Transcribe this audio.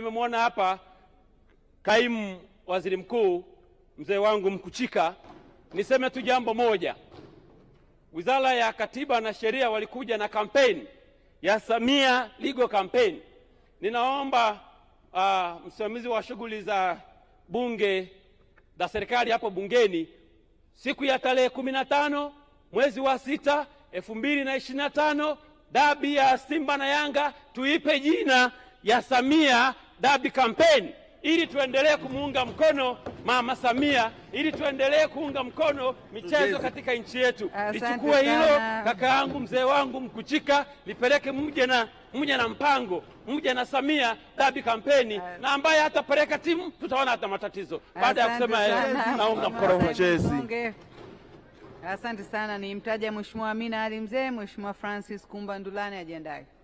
Nimemwona hapa kaimu waziri mkuu mzee wangu Mkuchika. Niseme tu jambo moja, wizara ya katiba na sheria walikuja na kampeni ya Samia Legal Campaign. Ninaomba uh, msimamizi wa shughuli za bunge za serikali hapo bungeni siku ya tarehe kumi na tano mwezi wa sita elfu mbili na ishirini na tano dabi ya Simba na Yanga tuipe jina ya Samia dabi kampeni ili tuendelee kumuunga mkono Mama Samia ili tuendelee kuunga mkono michezo katika nchi yetu. Lichukue hilo kaka yangu, mzee wangu Mkuchika, lipeleke mje na mje na mpango mje na Samia dabi kampeni, na ambaye atapeleka timu tutaona hata matatizo baada ya kusema naunga mkono mchezi. Asante sana, ni mtaja Mheshimiwa Amina Ali Mzee, Mheshimiwa Francis Kumba Ndulane ajiandae.